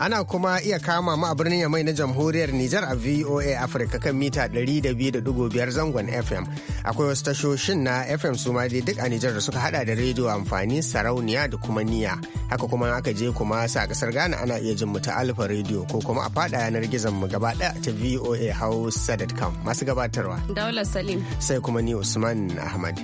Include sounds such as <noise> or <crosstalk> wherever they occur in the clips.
Ana kuma iya kama mu a birnin Yamai na Jamhuriyar Nijar a VOA Africa kan mita 200.5 zangon FM. Akwai wasu tashoshin na FM su ma duk a Nijar da suka hada da rediyo amfani sarauniya da kuma niya. Haka kuma aka je kuma sa kasar Ghana ana iya jin mu ta Alfa rediyo ko kuma a fada yanar gizon mu gaba daya ta VOA Hausa.com masu gabatarwa. Daular Salim. Sai kuma ni Usman Ahmad.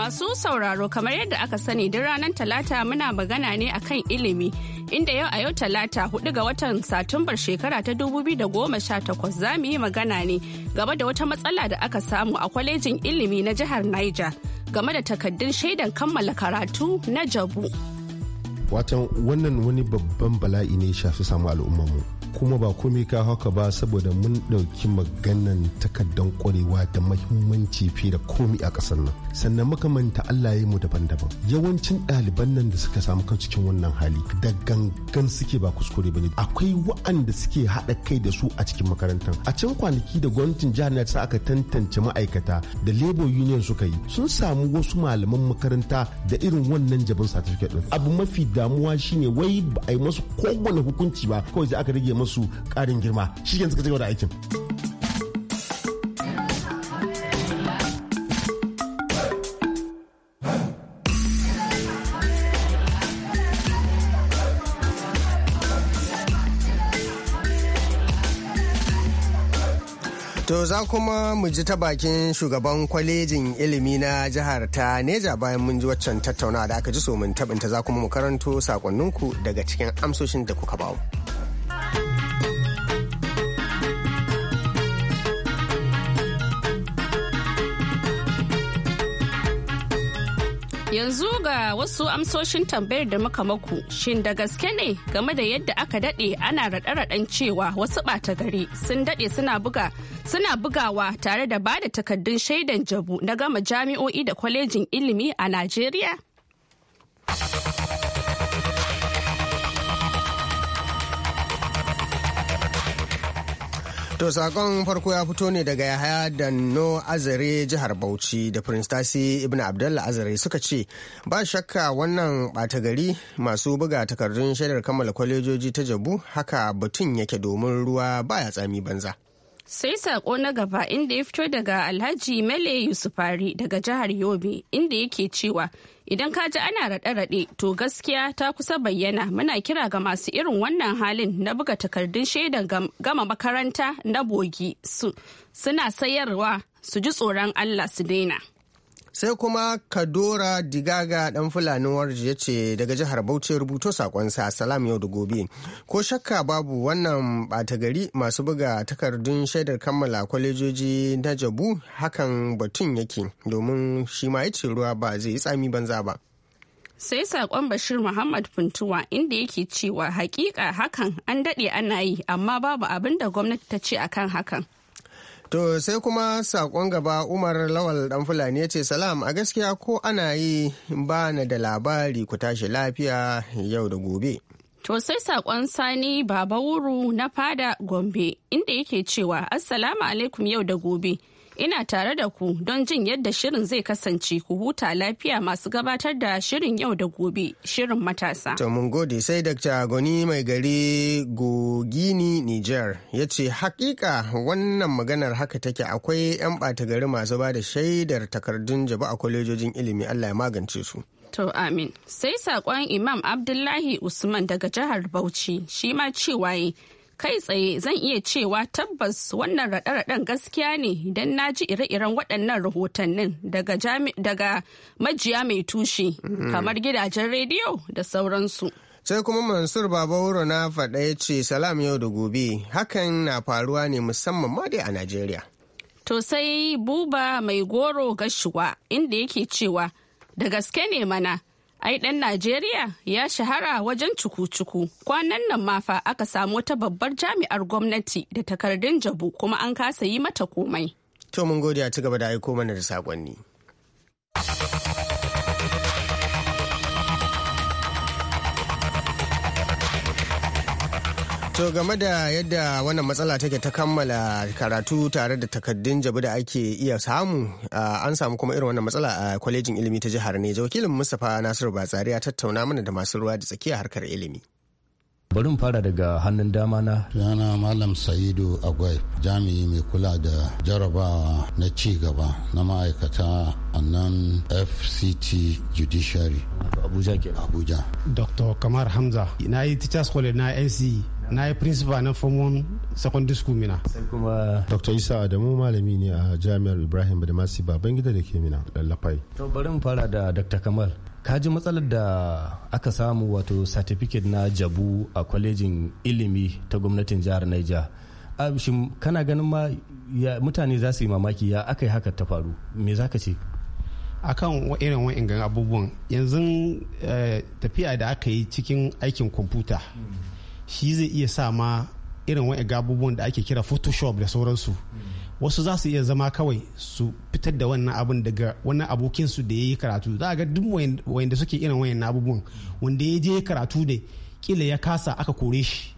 Masu sauraro kamar yadda aka sani duk ranar Talata muna magana ne akan ilimi inda yau a yau Talata hudu ga watan Satumbar shekara ta da goma 2018 za mu yi magana ne game da wata matsala da aka samu a kwalejin ilimi na jihar Niger game da takaddun shaidan kammala karatu na jabu. Watan wannan wani babban bala'i ne shafi samu al'ummarmu. mu. kuma ba komai ka haka ba saboda mun ɗauki maganan takaddan kwarewa da mahimmanci fiye da komi a kasar nan sannan muka manta Allah ya mu daban-daban yawancin ɗaliban nan da suka samu kan cikin wannan hali da gangan suke ba kuskure bane akwai wa'anda suke haɗa kai da su a cikin makarantar a can kwanaki da gwamnatin jihar na aka tantance ma'aikata da labor union suka yi sun samu wasu malaman makaranta da irin wannan jabin certificate din abu mafi damuwa shine wai ba a yi masu kowane hukunci ba kawai aka rage musu karin girma shi yanzu ka da aikin. To za kuma mu ji ta bakin shugaban kwalejin ilimi na jihar ta Neja bayan mun ji waccan tattaunawa da aka ji so mun tabinta za kuma mu karanto sakonninku daga cikin amsoshin da kuka bawo. ga wasu amsoshin tambayar da muka maku shin da gaske ne game da yadda aka daɗe ana raɗe-raɗen cewa wasu ɓata gari sun daɗe suna buga suna bugawa tare da bada da takardun shaidan jabu na gama jami'o'i da kwalejin ilimi a Najeriya? To sakon farko ya fito ne daga Yahaya Danno Azare jihar Bauchi da Prince Tasi Ibn Abdullah Azare suka ce ba shakka wannan ɓata gari masu buga takardun shaidar kammala kwalejoji ta jabu haka batun yake domin ruwa baya tsami banza. Sai sako na gaba inda ya fito daga Alhaji Mele Yusufari daga jihar Yobe inda yake cewa idan ka ji ana raɗe-raɗe to gaskiya ta kusa bayyana muna kira ga masu irin wannan halin na buga takardun shaidan gama makaranta na bogi suna sayarwa su ji tsoron Allah su daina. sai kuma kadora digaga dan fulanin warji ya ce daga jihar bauchi rubuto sakonsa salam yau da gobe ko shakka babu wannan bata gari masu buga takardun shaidar kammala kwalejoji na jabu hakan batun yake domin shi ma ya ce ruwa ba zai yi tsami banza ba sai sakon bashir muhammad funtuwa inda yake cewa hakika hakan an daɗe ana yi amma babu abin da gwamnati ta ce akan hakan To sai kuma sakon gaba Umar Lawal dan Fulani ya ce salam a gaskiya ko ana yi ba na da labari ku tashi lafiya yau da gobe. To sai sakon sani baba wuru na fada Gombe inda yake cewa Assalamu alaikum yau da gobe. ina tare da ku don jin yadda shirin zai kasance ku huta lafiya masu gabatar da shirin yau da gobe shirin matasa. To mun gode sai Dr. Goni mai gari Gogini Niger ya ce hakika wannan maganar haka take akwai 'yan ɓata gari masu ba da shaidar takardun jaba a kwalejojin ilimi Allah ya magance su. To amin. Sai saƙon Imam Abdullahi Usman daga jihar Bauchi shi ma cewa kai tsaye zan iya cewa tabbas wannan raɗe-raɗen gaskiya ne idan na ji ire-iren waɗannan rahotannin daga majiya mai tushe mhm. kamar gidajen rediyo da sauransu. sai kuma mansur babauro na faɗa ya ce salam yau da gobe hakan na faruwa ne musamman ma dai a najeriya to sai buba mai goro gashuwa inda yake cewa da gaske ne mana ai ɗan Najeriya ya shahara wajen cuku-cuku kwanan nan mafa aka samu wata babbar jami'ar gwamnati da takardun jabu kuma an kasa yi mata komai. To mun gode a ci gaba da aiko mana da saƙonni. To game da yadda wannan matsala take ta kammala karatu tare da takaddun jabi da ake iya samu an samu kuma irin wannan matsala a kwalejin ilimi ta jihar Neja wakilin Mustapha Nasiru Batsari ya tattauna mana da masu ruwa da tsakiya harkar ilimi. bari fara daga hannun dama na yana malam sa'idu agwai jami'i mai kula da jarabawa na ci gaba na ma'aikata a nan fct judiciary abuja ke abuja dr kamar hamza na yi teachers college na nce na yi principal na form 1 secondary school mina sai kuma dr isa adamu malami ne a jami'ar ibrahim badamasi babangida da ke mina lallafai to bari mu fara da dr kamal ka ji matsalar da aka samu wato certificate na jabu a kwalejin ilimi ta gwamnatin jihar niger abishin kana ganin ma mutane za su yi mamaki ya aka yi haka ta faru me za ka ce akan irin wa'in abubuwan yanzu eh, tafiya da aka yi cikin aikin kwamfuta hmm. shi zai iya sa ma irin wa'in gabubuwan da ake kira photoshop da sauransu wasu za su iya zama kawai su fitar da wannan abin daga wannan abokinsu da ya yi karatu za a ga duk wayanda suke irin wayan abubuwan wanda ya je karatu da kila ya kasa aka kore shi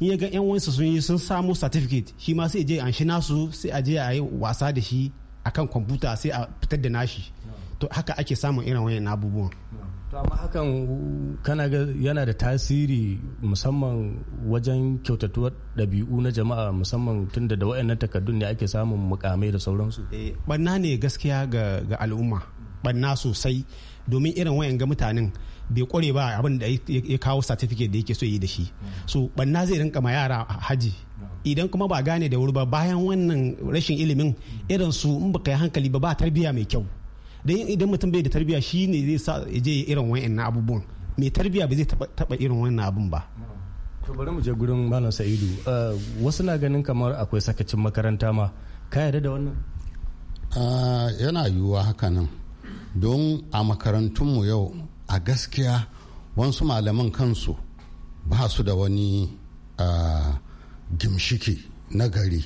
in ga yan wansa sun yi sun samu certificate shi ma sai je an shi nasu sai a je a yi wasa da shi akan kwamfuta sai a fitar da nashi to haka ake samun irin wayan abubuwan ama hakan kana ga yana da tasiri musamman wajen kyautatuwar ɗabi'u na jama'a musamman tunda da waɗannan takardun ne ake samun mukamai da sauransu banna eh, ne gaskiya ga al'umma banna sosai domin irin wayan ga mutanen bai kware ba abin da ya kawo certificate da yake so yi da shi so banna zai rinka ma yara haji idan kuma ba gane da wuri ba bayan wannan rashin ilimin irin su in baka yi hankali ba ba tarbiyya mai kyau dan idan mutum bai da tarbiya ne zai sa ya je irin wayannan abubuwan mai tarbiya ba zai taba irin wannan abun ba to bari mu je gurin malam sa'idu uh, wasu na ganin kamar akwai sakacin makaranta ma ka yarda da wannan uh, yana yiwuwa haka nan don a makarantunmu yau a gaskiya wasu malaman kansu ba su da wani uh, gimshiki na gari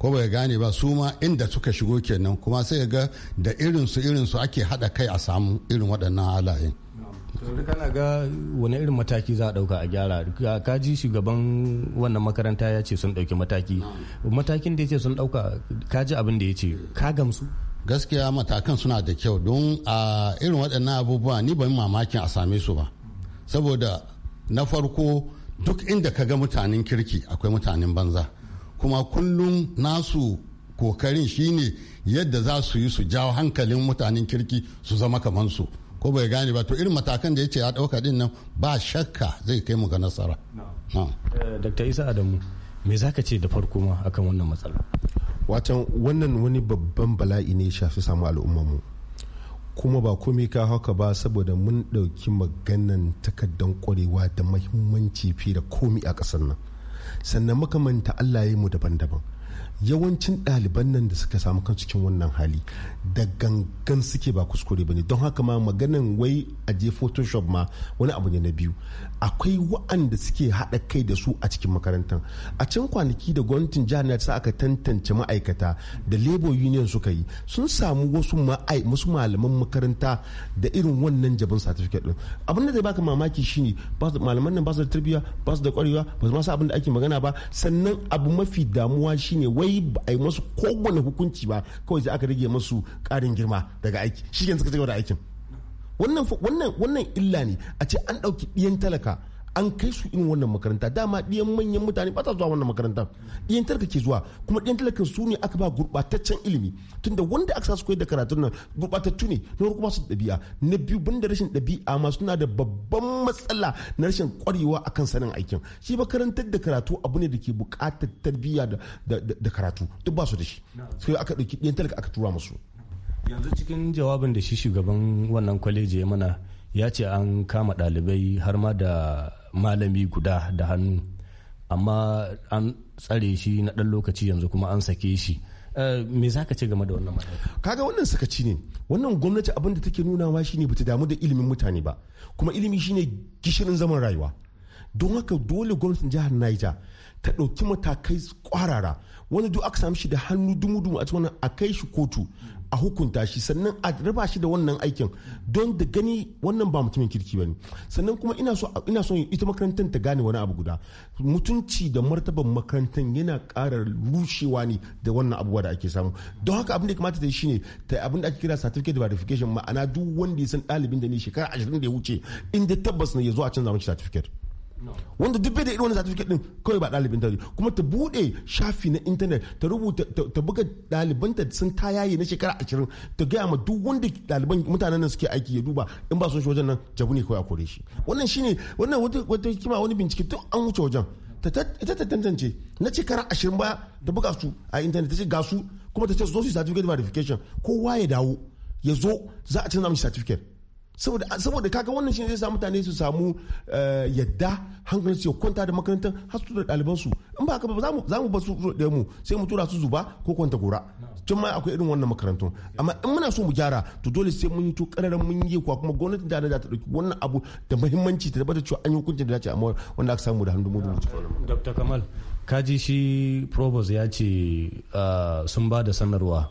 ko bai gane ba su ma inda suka shigo kenan kuma sai ga da irinsu irinsu ake hada kai a samu irin waɗannan halayen yanzu kana ga wani irin mataki za a dauka a gyara ka ji shugaban wannan makaranta ya ce sun dauki mataki matakin da ya ce sun dauka ka ji abin da ya ce ka gamsu gaskiya matakan suna da kyau don a irin waɗannan abubuwa ni ban mamakin a same su ba saboda na farko duk inda ka ga mutanen kirki akwai mutanen banza kuma kullum nasu kokarin shine yadda za su yi su jawo hankalin mutanen kirki su zama kamar su ko bai gane ba to irin matakan da ya ce ya ɗauka din nan ba shakka zai kai mu ga nasara. Eh, Dr. Isa Adamu me za ka ce da farko ma akan wannan matsala? Watan wannan wani babban bala'i ne shafi samu al'ummarmu kuma ba komai ka haka ba saboda mun ɗauki maganan takaddan kwarewa da mahimmanci fi da komi a ƙasar nan. sannan muka manta Allah ya mu daban-daban yawancin ɗaliban nan da suka samu kan cikin wannan hali da gangan suke ba kuskure ba ne don haka ma maganan wai a je photoshop ma wani abu ne na biyu akwai wa'anda suke haɗa kai da su a cikin makarantar a can kwanaki da gwamnatin jihar na sa aka tantance ma'aikata da labor union suka yi sun samu wasu malaman makaranta da irin wannan jabin certificate din abin da zai baka mamaki shine malaman nan ba su da tarbiyya ba su da kwarewa ba su ma abin da ake magana ba sannan abu mafi damuwa shine wai ayoyi ba a yi masu kowane hukunci ba kawai sai aka rage masu karin girma daga aiki shi suka ci gaba da aikin wannan wannan illa ne a ce an ɗauki ɗiyan talaka an kai su irin wannan makaranta dama ɗiyan manyan mutane ba ta zuwa wannan makaranta ɗiyan talaka ke zuwa kuma ɗiyan talakan su ne aka ba gurɓataccen ilimi tunda wanda aka sasu su koyar da karatun nan gurɓatattu ne na farko kuma su ɗabi'a na biyu banda rashin ɗabi'a ma suna da babban matsala na rashin ƙwarewa akan sanin aikin shi makarantar da karatu abu ne da ke buƙatar tarbiyya da karatu duk ba su da shi sai aka ɗauki ɗiyan talaka aka tura musu yanzu cikin jawabin da shi shugaban wannan kwaleji ya mana ya ce an kama ɗalibai har ma da malami guda da hannu amma an tsare shi na ɗan lokaci yanzu kuma an sake shi eh, me za ka ce game da wannan mataki kaga wannan sakaci ne wannan gwamnati abin da take nunawa shine bata damu da ilimin mutane ba kuma ilimi shine gishirin zaman rayuwa don haka dole gwamnatin jihar Niger ta ɗauki matakai kwarara wani duk aka samu shi da hannu dumu-dumu a cikin a kai shi kotu a hukunta shi sannan a raba shi da wannan aikin don da gani wannan ba mutumin kirki ba ne sannan kuma ina so ita makarantar ta gane wani abu guda mutunci da martaban makarantar yana kara rushewa ne da wannan abubuwa da ake samu don haka abin da ya kamata ta yi shine ta abin da ake kira certificate verification ma'ana duk wanda ya san ɗalibin da ne shekara ashirin da ya wuce inda tabbas ne ya zo a canza mashi certificate wanda duk bai da irin wani certificate din kawai ba ɗalibin ta kuma ta buɗe shafi na intanet ta rubuta ta buga ta sun ta yayi na shekara ashirin ta gaya ma duk wanda ɗaliban mutanen nan suke aiki ya duba in ba sun shi wajen nan jabu ne kawai a kore shi wannan shine wannan wata kima wani bincike tun an wuce wajen ita ta tantance na shekara ashirin ba ta buga su a intanet ta ce ga su kuma ta ce su zo su certificate verification kowa ya dawo ya zo za a canza mishi certificate saboda kaga wannan shi zai sa mutane su samu eh, yadda hankali su kwanta da makarantar har su da ɗaliban su in ba haka ba za mu ba su ɗaya mu sai mu tura su zuba ko kwanta gora tun ma akwai irin wannan makarantun amma in muna so mu gyara to dole sai mun yi to ƙararren mun yi kuwa kuma gwamnatin da za ta ɗauki wannan abu da muhimmanci ta tabbatar cewa an yi hukuncin da dace amma wanda aka samu da hannu mu Dr. Kamal kaji shi Probos ya ce ah, sun ba da sanarwa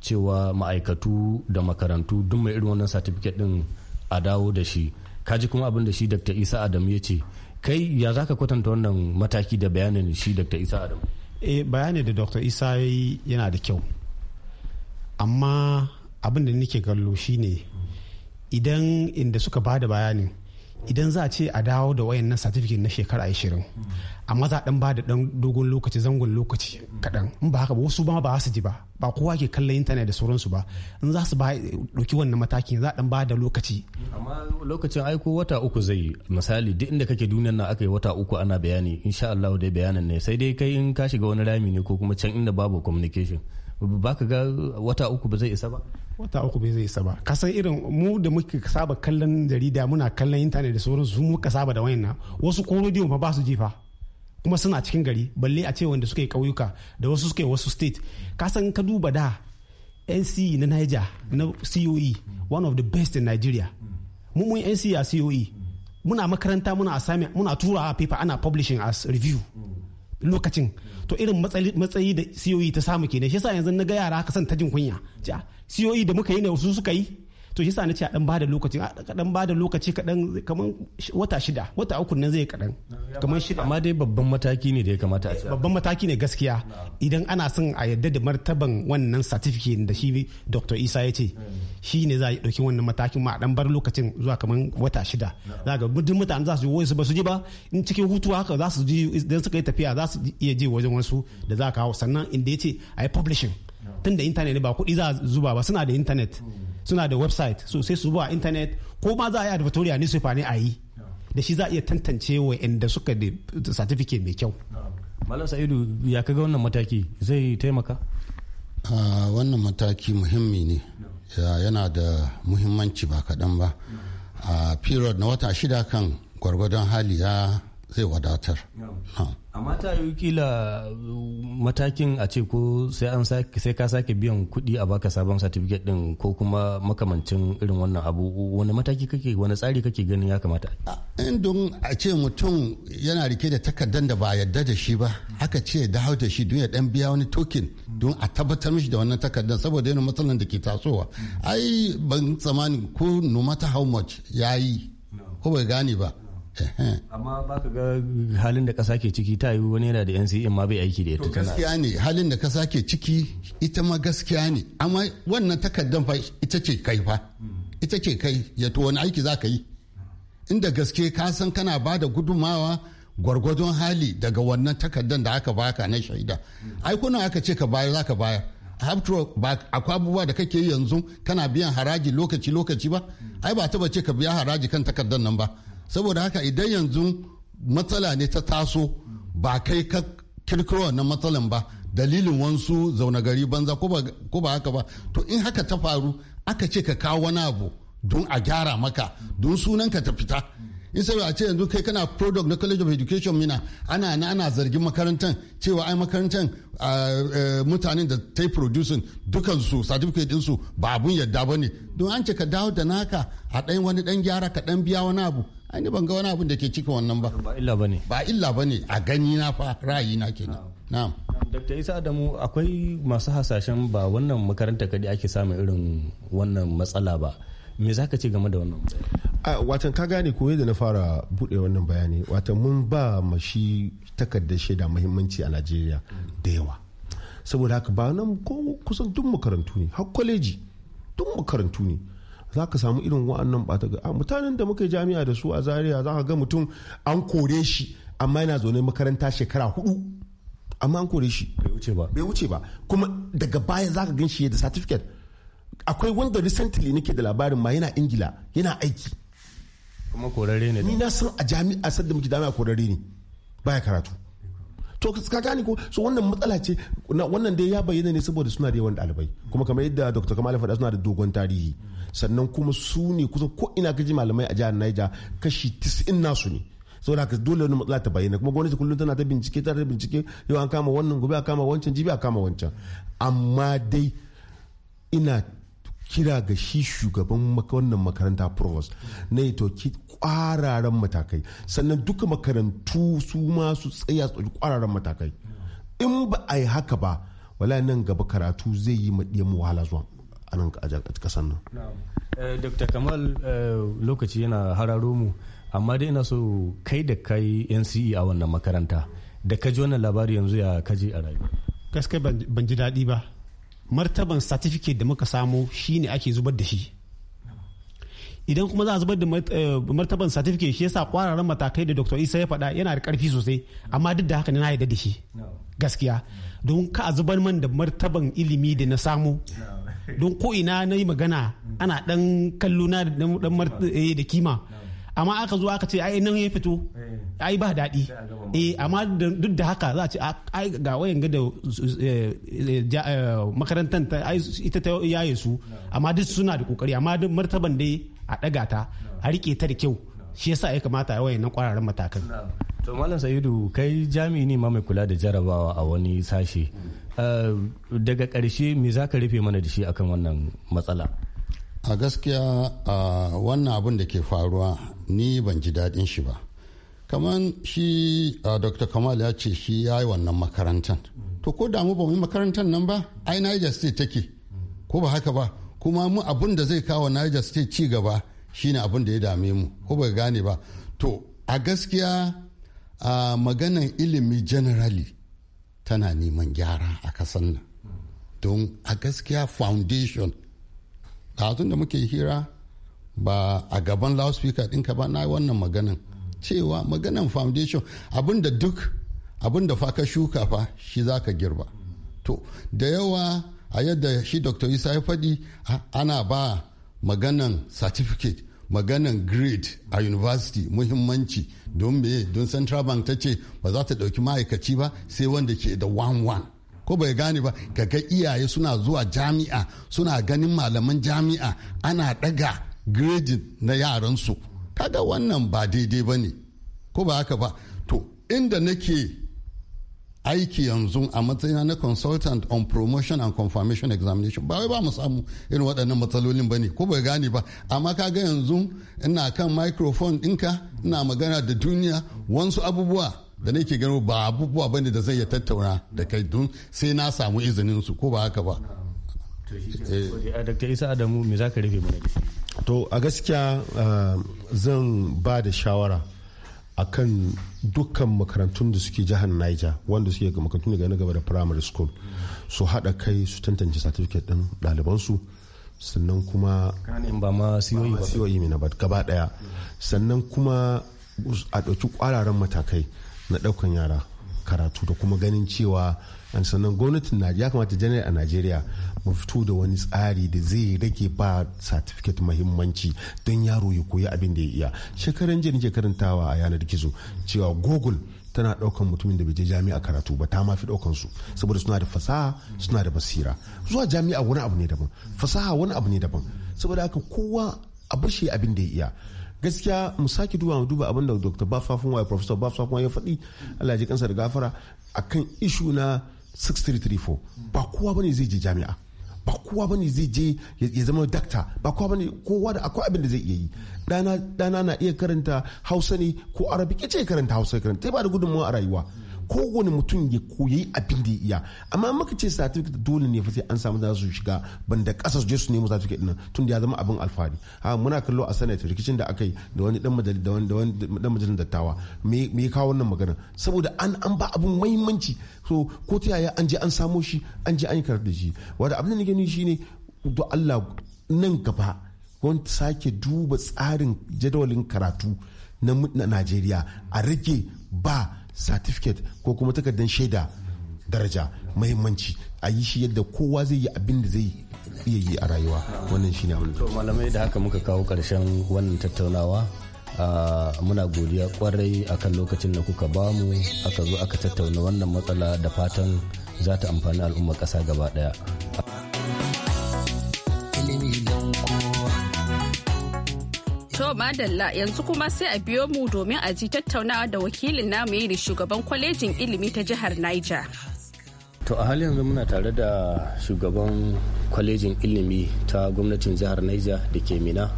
cewa ma'aikatu da makarantu duk mai irin wannan satifiket din a dawo da shi kaji kuma abin da shi dr isa adam ya ce kai ya za ka kwatanta wannan mataki da bayanin shi dr isa adam e eh, bayanin da dr isa yayi yana da kyau amma abin da nake kallo shine idan inda suka ba da bayanin idan za a ce a dawo da wayan nan certificate na shekara ashirin amma za a dan ba da dan dogon lokaci zangon lokaci kaɗan in ba haka ba wasu ba ba su ji ba ba kowa ke kallon intanet da sauransu ba in za su ba ɗauki wannan mataki za a dan ba da lokaci amma lokacin aiko wata uku zai yi misali duk inda kake duniyar na aka yi wata uku ana bayani insha Allah dai bayanan ne sai dai kai in ka shiga wani rami ne ko kuma can inda babu communication ba ka ga wata uku ba zai isa ba wata uku bai zai isa ba kasan irin mu da muke saba kallon jarida muna kallon intanet da sauran su muka saba da wayannan wasu ko rediyo ba su jefa kuma suna cikin gari balle a ce wanda suke kauyuka da wasu suke wasu state kasan ka duba da nc na niger na coe one of the best in nigeria mun mun nc a coe muna makaranta muna muna tura a paper ana publishing as review lokacin to irin matsayi da siyoyi e ta samu kenan shi yasa yanzu na ga yara haka san ta jin kunya siyoyi e da muka yi ne wasu suka yi to shi sa na ce a dan bada lokaci a dan bada lokaci kadan kamar wata shida wata uku nan zai kadan kamar shida amma dai babban mataki ne da ya kamata a babban mataki ne gaskiya idan ana son a yadda da martaban wannan certificate da shi Dr. Isa ya ce hmm. shi ne za a dauki wannan matakin ma a dan bar lokacin zuwa kaman wata shida za ga duk mutane za su ji ba su ji ba in cikin hutu haka za su ji idan suka yi tafiya za su iya je wajen wasu da za ka kawo sannan inda ya ce a yi publishing tun da intanet ba kuɗi za a zuba ba suna da intanet hmm. suna da website so sai su zuwa internet ko ma za a yi advertorial newspaper ne a yi da shi za a iya tantance wa inda suka da certificate mai kyau malam sa'idu ya kaga wannan mataki zai taimaka ah, wannan mataki muhimmi ne yana da muhimmanci ba kaɗan ba a ah, period na wata shida kan gwargwadon hali ya zai wadatar amma ta yi kila uh, matakin a ce ko sai an sai ka sake biyan kuɗi a baka sabon certificate din ko kuma makamancin irin wannan abu wani mataki kake wani tsari kake ganin ya kamata in don a ce mutum yana rike da takardar da ba yarda da shi ba haka ce da da shi don ya dan biya wani token don a tabbatar mishi da wannan takardar saboda yana matsalar da ke tasowa mm. ai ban tsammanin ko no matter how much ya ko bai gane ba amma ba ka ga halin da kasa ke ciki ta yi wani yana da yan e ma bai aiki da ita gaskiya ne halin da kasa ke ciki ita ma gaskiya ne amma wannan takardar fa ita ce kai fa hmm. ita ce kai ya to wani aiki za ka yi inda gaske ka san kana ba da gudumawa gwargwadon hali daga wannan takardar da aka baka na shaida hmm. ai kuna aka ce ka bayar za ka bayar haptro ba akwai abubuwa da kake yanzu kana biyan haraji lokaci lokaci ba hmm. ai ba taba ce ka biya haraji kan takardar nan ba saboda haka idan yanzu matsala ne ta taso ba kai ka kirkiro wannan matsalan ba dalilin wansu zaune gari banza ko ba haka ba to in haka ta faru aka ce ka kawo wani abu don a gyara maka don sunan ka ta fita in sai a ce yanzu kai kana product na college of education mina ana na ana zargin makarantar cewa ai makarantar e, mutanen da ta yi producing su certificate su ba abun yadda ba ne don an ce ka dawo da naka a ɗan wani ɗan gyara ka ɗan biya wani abu ai ban ga wani abin da ke cika wannan ba ba illa bane ba illa bane a gani na fa ra'ayi na kenan na'am Dr. Isa Adamu akwai masu hasashen ba wannan makaranta kadai ake samun irin wannan matsala ba me za ka ce game da wannan watan ka gane ko yadda na fara buɗe wannan bayani watan mun ba mashi takardar shaida muhimmanci a najeriya da yawa saboda haka ba nan ko kusan duk makarantu ne har kwaleji duk makarantu ne za ka samu irin wa'annan bata ga mutanen da muka jami'a da su a Zariya za ka ga mutum an kore shi amma yana zaune makaranta shekara hudu amma an kore shi bai wuce ba bai wuce ba kuma daga baya za ka gan shi da certificate akwai wanda recently nake da labarin ma yana ingila yana aiki kuma korare ne ni na san a jami'a sadda muke jami'a korare ne baya karatu to ka gane ko so wannan matsala ce wannan dai ya bayyana ne saboda suna da yawan ɗalibai kuma kamar yadda dr kamal faɗa suna da dogon tarihi sannan kuma su ne kusa ko ina kaji malamai a jihar naija kashi tisin nasu ne saboda haka dole wani matsala ta bayyana kuma gwamnati kullum tana ta bincike tana ta bincike yau an kama wannan gobe a kama wancan jibi a kama wancan amma dai ina kira ga shi shugaban wannan makaranta provost na ya toki kwararan matakai sannan duka makarantu su ma su tsaya su kwararan matakai in ba a yi haka ba wala nan gaba karatu zai yi maɗiya mu wahala zuwa a nan ƙasar nan. Eh, dr kamal eh, lokaci yana hararo mu amma dai ina so kai da kai nce a wannan makaranta da ka ji wannan labari yanzu ya kaji a rayuwa gaskiya ban ji daɗi ba martaban certificate da muka samu shine ake zubar da shi idan kuma za a zubar da eh, martaban certificate shi yasa kwararan matakai da dr isa ya faɗa yana da ƙarfi sosai amma duk da haka na yarda da shi gaskiya don ka a zubar man da martaban ilimi da na samu don ko ina na yi magana ana ɗan kalluna eh, da kima amma aka zo aka ce ai nan ya fito eh. ai ba daɗi eh amma duk da haka za a ce ai ga wayan ga da eh, eh, makarantar ta ita ta yaye su amma duk suna da kokari amma duk martaban dai a ɗaga ta a rike ta da kyau shi yasa ya kamata a wayan kwararren matakan to malam sa'idu kai jami'i ne ma mai kula da jarabawa a wani sashe mm. daga ƙarshe me za ka rufe mana da shi akan wannan matsala a gaskiya wannan abin da ke faruwa ni ban ji daɗin shi ba kamar shi dr kamal ya ce shi ya yi wannan makarantar to ko damu ba mu yi makarantar nan ba ai niger state take ko ba haka ba kuma mu abin da zai kawo niger state ci gaba shine abin da ya dame mu ko ba gane ba to a gaskiya a maganan ilimi generally tana neman gyara a kasan nan don a gaskiya foundation tun da muke hira ba a gaban loudspeaker ɗinka ba na wannan maganan cewa maganan foundation abinda duk abin da fa ka shuka fa shi za ka girba to da yawa a yadda shi dr isa ya faɗi ana ba maganan certificate maganan grade a university muhimmanci don me don central bank ta ce ba za ta ɗauki ma'aikaci ba sai wanda ke da wan wan. ko bai gane ba ga iyaye suna zuwa jami'a suna ganin malaman jami'a ana daga gredin na yaransu kaga wannan ba daidai ba ne ko ba haka ba to inda nake aiki yanzu a matsayina na consultant on promotion and confirmation examination ba wai ba mu samu irin waɗannan matsalolin ba ne ko bai gane ba amma ka ga yanzu ina kan microphone ɗinka ina magana da duniya wasu abubuwa da nake gano ba abubuwa bane da zai ya tattauna da kai don sai na samu izinin su ko ba haka ba eh. Dr. Ah, Isa Adamu me za ka rufe mana da To a gaskiya ah, zan ba da shawara akan dukkan makarantun da suke jihar Niger wanda suke ga makarantun daga na gaba da primary school su haɗa kai su tantance certificate din ɗalibansu sannan kuma ba ma siyoyi e ba siyoyi mai na gaba ɗaya sannan kuma a ɗauki ƙwararren matakai na ɗaukan yara karatu da kuma ganin cewa an sannan gwamnatin ya kamata janar a najeriya mu fito da wani tsari da zai rage ba certificate mahimmanci don yaro ya koyi abin da ya iya shekaran jini ke karantawa a yanar gizo cewa google tana daukan mutumin da bai je jami'a karatu ba ta mafi daukan su saboda suna da fasaha suna da basira zuwa jami'a wani abu ne daban fasaha wani abu ne daban saboda haka kowa a bashi abin da ya iya gaskiya mu sake duba mu duba abin da dr bafafun waye professor bafafun ya faɗi allah ji kansa da gafara akan ishu na 6334 ba kowa bane zai je jami'a ba kowa bane zai je ya zama dakta ba kowa bane kowa da akwai abin da zai iya yi dana na iya karanta hausa ne ko arabic ya ce karanta hausa karanta sai ba da gudunmawa a rayuwa kowane mutum ya koyi abin da ya iya amma maka ce certificate dole ne sai an samu za su shiga banda kasa su je su nemo certificate din tun da ya zama abin alfahari ha muna kallo a senate rikicin da aka yi da wani dan majalis da wani dan majalis dattawa me me kawo wannan magana saboda an an ba abin muhimmanci so ko ta yaya an je an samo shi an je an yi karatu da shi wanda abin da nake ni shine do Allah nan gaba wani sake duba tsarin jadawalin karatu na Najeriya a rage ba certificate ko kuma takardar shaida daraja mahimmanci a yi shi yadda kowa zai yi abin da zai iya yi a rayuwa wannan shi ne To malamai da haka muka kawo karshen wannan tattaunawa ah, muna godiya kwarai akan lokacin da kuka bamu aka zo aka tattauna wannan matsala da fatan za ta amfani al'ummar ƙasa gaba ɗaya. To Madalla yanzu kuma sai a biyo mu domin a ji tattaunawa da wakilin namu yi da shugaban kwalejin ilimi ta jihar Niger. To a halin yanzu muna tare da shugaban kwalejin ilimi ta gwamnatin jihar Niger da ke Mina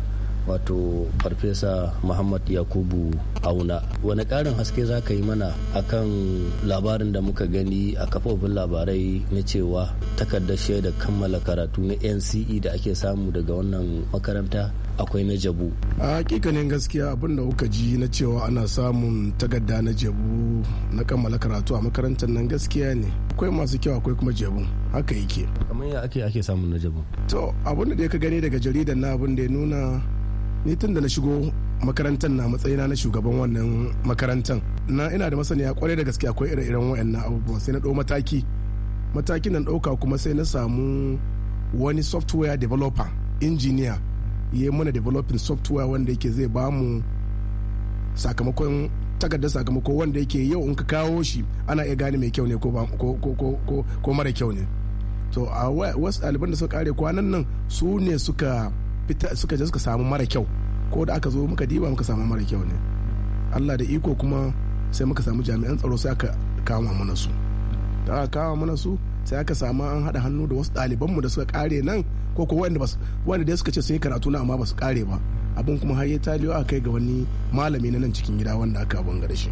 wato farfesa muhammad yakubu auna wani karin haske za ka yi mana akan labarin da muka gani a kafofin labarai na cewa takardar shaidar kammala karatu na nce da ake samu daga wannan makaranta akwai na jabu a hakikanin gaskiya abin da kuka ji na cewa ana samun takarda na jabu na kammala karatu a makarantar nan gaskiya ne akwai masu kyau akwai kuma jabu haka yake kamar ya ake ake samun na jabu to abin da ka gani daga jaridar na abin da ya nuna ni tun da na shigo makarantar na matsayina na shugaban wannan makarantar na ina da masaniya kwarai da gaske akwai ire-iren wayannan abubuwan sai na ɗau mataki matakin nan ɗauka kuma sai na samu wani software developer engineer ya yi mana developing software wanda yake zai ba mu sakamakon takardar sakamako wanda yake yau in ka kawo shi ana iya gane mai kyau ne ko mara kyau ne to a wasu ɗaliban da suka kare kwanan nan su ne suka fita suka je suka samu mara kyau ko da aka zo muka diba muka samu mara kyau ne allah da iko kuma sai muka samu jami'an tsaro sai aka kama mana su da aka kama mana su sai aka samu an haɗa hannu da wasu mu da suka kare nan ko ko wanda wanda dai suka ce sun yi karatu na amma basu kare ba abin kuma har ya taliyo a kai ga wani malami na nan cikin gida wanda aka abin da shi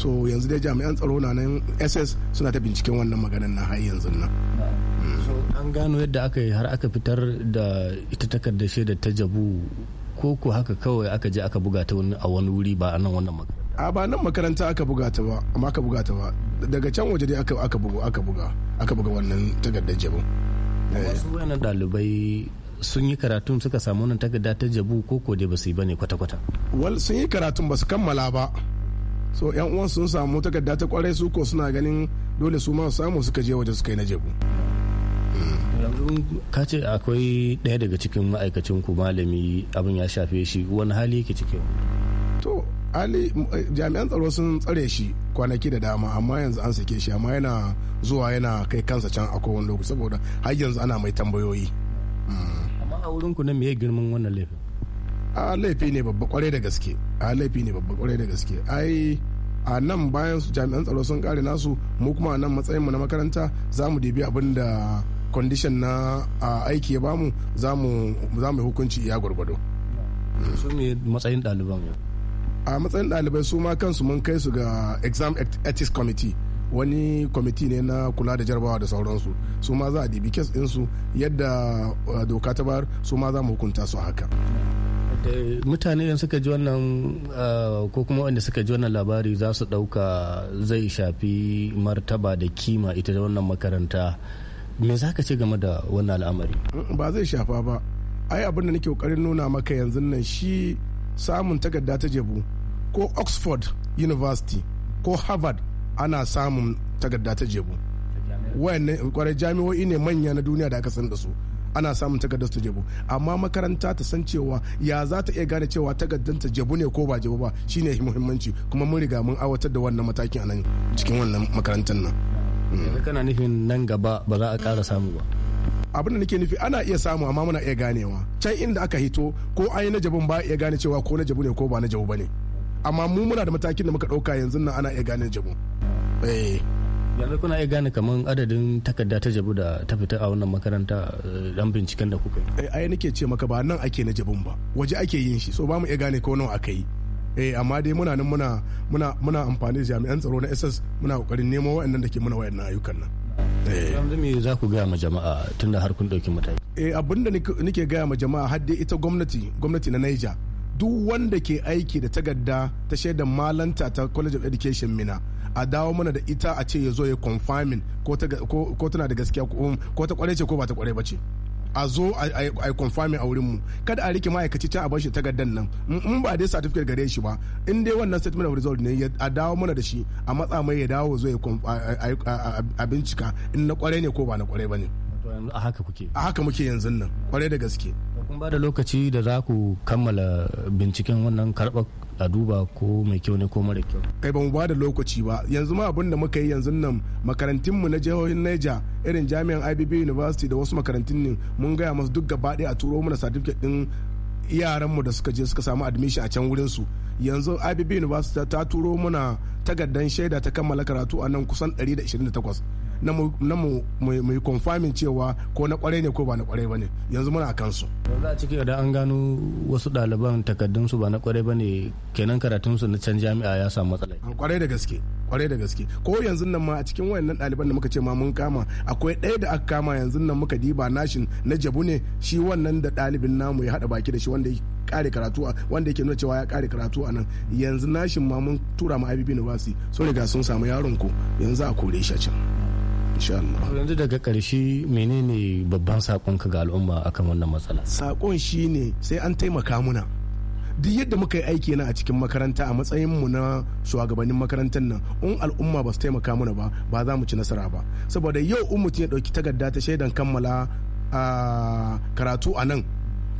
so yanzu dai jami'an tsaro na nan ss suna ta binciken wannan maganan na har yanzu nan an gano yadda aka yi har aka fitar da ita takarda shaida ta jabu ko ko haka kawai aka je aka buga ta a wani wuri ba a nan wannan makaranta a ba nan makaranta aka buga ta ba amma aka buga ta ba daga can waje dai aka aka buga aka buga aka buga wannan takarda jabu wasu eh. wayannan dalibai sun yi karatun suka samu wannan takarda ta jabu ko ko dai ba su yi bane kwata-kwata wal sun yi karatun ba su kammala ba so yan uwan sun samu takarda ta kwarai su ko suna ganin dole su ma samu suka je waje suka yi na jabu yanzu ka ce akwai ɗaya daga cikin ma'aikacin ku malami abin ya shafe shi wani hali yake cikin to ali jami'an tsaro sun tsare shi kwanaki da dama amma yanzu an sake shi amma yana zuwa yana kai kansa can a kowane lokaci saboda har yanzu ana mai tambayoyi amma a wurin ku na me girman wannan laifin a laifi ne babba kwarai da gaske a laifi ne babba kwarai da gaske ai a nan bayan jami'an tsaro sun kare nasu mu kuma a nan matsayin mu na makaranta za mu dibi abin da condition na aiki ya bamu za mu hukunci iya gwargwado su me matsayin ɗaliban a matsayin ɗalibai su ma kansu mun kai su ga exam ethics committee wani kwamiti ne na kula da jarabawa da sauransu su ma za a dibi kes ɗinsu yadda doka ta bayar su ma za mu hukunta su haka mutane yan suka ji wannan ko kuma wanda suka ji wannan labari za su ɗauka zai shafi martaba da kima ita da wannan makaranta me za ka ce game da wannan al'amari ba zai shafa ba ai abin da nake kokarin nuna maka yanzu nan shi samun takarda ta jebu ko oxford university ko harvard ana samun takarda ta jebu wayannan kwarai jami'o'i ne manya na duniya da aka san da su ana samun takardar ta jebu amma makaranta ta san cewa ya za ta iya gane cewa takardar ta jebu ne ko ba jebu ba shine muhimmanci kuma mun riga mun awatar da wannan matakin a nan cikin wannan makarantar nan kana nufin nan gaba ba za a ƙara samu ba abin da nake nufi ana iya samu amma muna iya ganewa can inda aka hito ko an yi najabin ba iya gane cewa ko najabu ne ko ba najabu ba ne amma mu muna da matakin da muka ɗauka yanzu nan ana iya gane najabu eh. yanzu kuna iya gane kamar adadin takarda ta jabu da ta fita a wannan makaranta eh, dan binciken da kuka yi eh, ai nake ce maka ba nan ake najabin ba waje ake yin shi so ba mu iya gane ko nawa aka yi eh amma dai muna nan muna muna muna amfani da jami'an tsaro na SS muna kokarin nemo waɗannan da ke muna waɗannan ayyukan nan eh. yanzu me za ku gaya ma jama'a tunda har kun dauki mataki eh da nake gaya ma jama'a har dai ita gwamnati gwamnati na Niger duk wanda ke aiki da takarda ta shaidar malanta ta college of education mina a dawo mana da ita a ce ya zo ya confirming ko tana da gaskiya ko ta kware ce ko ba ta kware ba ce a zo a yi confirming a mu kada a rike ma'aikaci can a bar shi takardar nan in ba dai certificate gare shi ba in dai wannan statement of result ne a dawo mana da shi a matsa mai ya dawo zo a bincika in na kwarai ne ko ba na kwarai ba ne a haka kuke a haka muke yanzu nan kwarai da gaske kun ba da lokaci da za ku kammala binciken wannan karɓar a duba ko mai kyau ne ko mara kyau kai ba mu ba da lokaci ba yanzu ma abin da muka yi yanzu nan makarantunmu na jihohin Niger irin jami'an IBB University da wasu makarantun ne mun gaya masu duk gaba ɗaya a turo mana certificate din mu da suka je suka samu admission a can wurin su yanzu IBB University ta turo mana takardar shaida ta kammala karatu a nan kusan 128 na mu mai confirming cewa ko na kwarai ne ko ba na kwarai ba ne yanzu muna kansu yanzu a ciki da an gano wasu ɗaliban su ba na kwarai ba ne kenan karatunsu na can jami'a ya samu matsala kwarai da gaske kwarai da gaske ko yanzu nan ma a cikin wayannan ɗaliban da muka ce ma mun kama akwai ɗaya da aka kama yanzu nan muka diba nashin na jabu ne shi wannan da ɗalibin namu ya haɗa baki da shi wanda kare karatu a wanda yake nuna cewa ya kare karatu a nan yanzu nashin ma mun tura ma IBB University so riga sun samu yaron ku yanzu a kore shi a can insha Allah yanzu daga karshe menene babban sakon ka ga al'umma akan wannan matsala sakon shi ne sai an taimaka muna duk yadda muka yi aiki na a cikin makaranta a matsayin mu na shugabannin makarantar nan in al'umma ba su taimaka mana ba ba za mu ci nasara ba saboda yau in mutum ya ɗauki takarda ta shaidan kammala ah, karatu a nan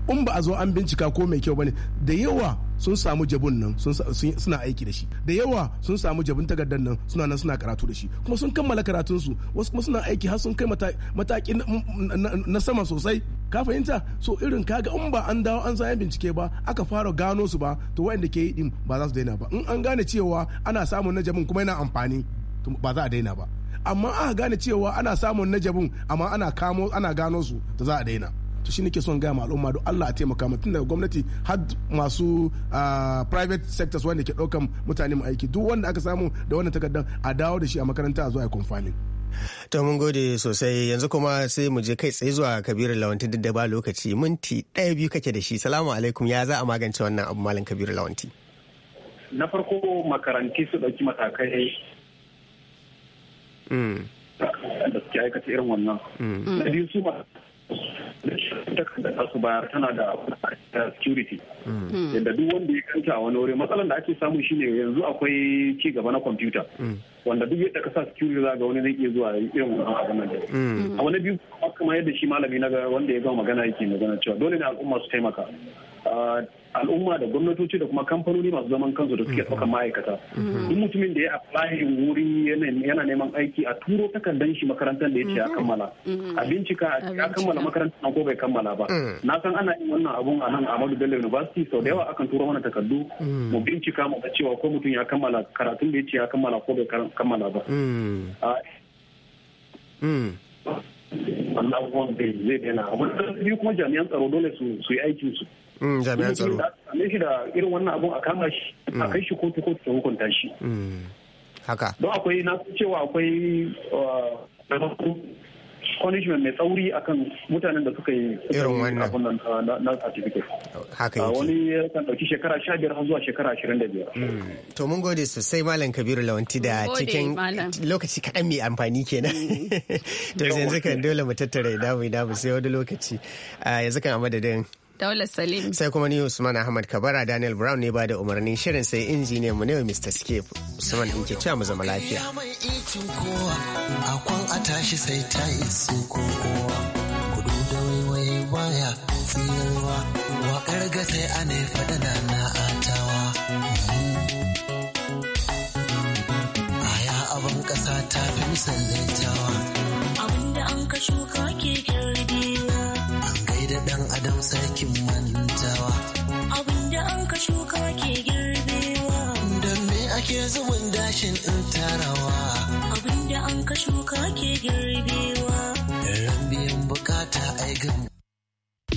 in ba a zo an bincika ko mai kyau bane da yawa sun samu jabun nan suna aiki da shi da yawa sun samu jabun takardar nan suna nan suna karatu da shi kuma sun kammala karatun su wasu kuma suna aiki har sun kai mataki na sama sosai ka fahimta so irin kaga in ba an dawo an zayen bincike ba aka fara gano su ba to waɗanda ke yi ba za su daina ba in an gane cewa ana samun na jabun kuma yana amfani ba za a daina ba amma aka gane cewa ana samun najabin amma ana kamo ana gano su da za a daina to shi nake son gaya ma al'umma don Allah a taimaka mu tun daga gwamnati har masu private sectors wanda ke ɗaukan mutane mu aiki duk wanda aka samu da wannan takardar a dawo da shi a makaranta a zuwa a confirming To mun gode sosai yanzu kuma sai mu je kai tsaye zuwa Kabiru Lawanti duk da ba lokaci minti ɗaya biyu kake da shi. Salamu alaikum ya za a magance wannan abu malam Kabiru Lawanti. Na farko makaranti su ɗauki matakai mm. da suke aikata irin wannan. Mm. Na biyu su takardar da su bayar tana da security hmm. yadda duk wanda ya kanta a wani wuri matsalar da ake samu shine yanzu akwai ci gaba na kwamfuta hmm. wanda duk yadda ka sa security za ga wani zai iya zuwa irin wannan abin nan hmm. a wani biyu kuma yadda shi malami na ga wanda ya gama magana yake magana cewa dole ne al'umma su taimaka al'umma da gwamnatoci da kuma kamfanoni masu zaman kansu da suke mhm. ɗaukar ma'aikata mhm. duk mutumin da ya apply wuri yana neman aiki a turo takardar shi makarantar da ya ce ya mhm. kammala a bincika ya kammala makarantar ko bai kammala ba mm. na san ana yin wannan abun a nan Ahmadu Bello University sau da yawa akan turo mana takardu mm. mu bincika mu ga cewa ko mutum ya kammala karatun da ya ce ya kammala ko bai kammala ba mm. wannan abubuwan zai daina wani kuma jami'an tsaro dole su yi aikinsu Mm, jami'an tsaro same shi irin wannan abun a kama mm. kai shi kotu kotu ta hukunta mm. haka akwai na cewa uh, tsauri akan mutanen da suka yi irin wannan na certificate haka uh, yake wani ya kan gode sosai malam kabiru lawanti da cikin lokaci kaɗan mai amfani kenan <laughs> to yanzu kan dole mu tattara idamu idamu sai wani lokaci uh, yanzu kan a Daula Salim. Sai kuma ni Usman Ahmad Kabara Daniel Brown ne ba da umarnin shirin sai injiniyan mu ne Mr. Skip Usman in ke cewa mu zama lafiya. Akwan a tashi sai ta yi Kudu da waiwaye baya tsirarwa. Waƙar ga sai a ne faɗa na atawa. Aya abin ƙasa ta fi misalin Abinda an ka shuka ke girbewa. da ɗan adam sarkin mantawa. Abin da an ka shuka ke girbewa. Don me ake zuwan dashin in tarawa. Abin da an ka shuka ke girbewa. Ran biyan bukata ai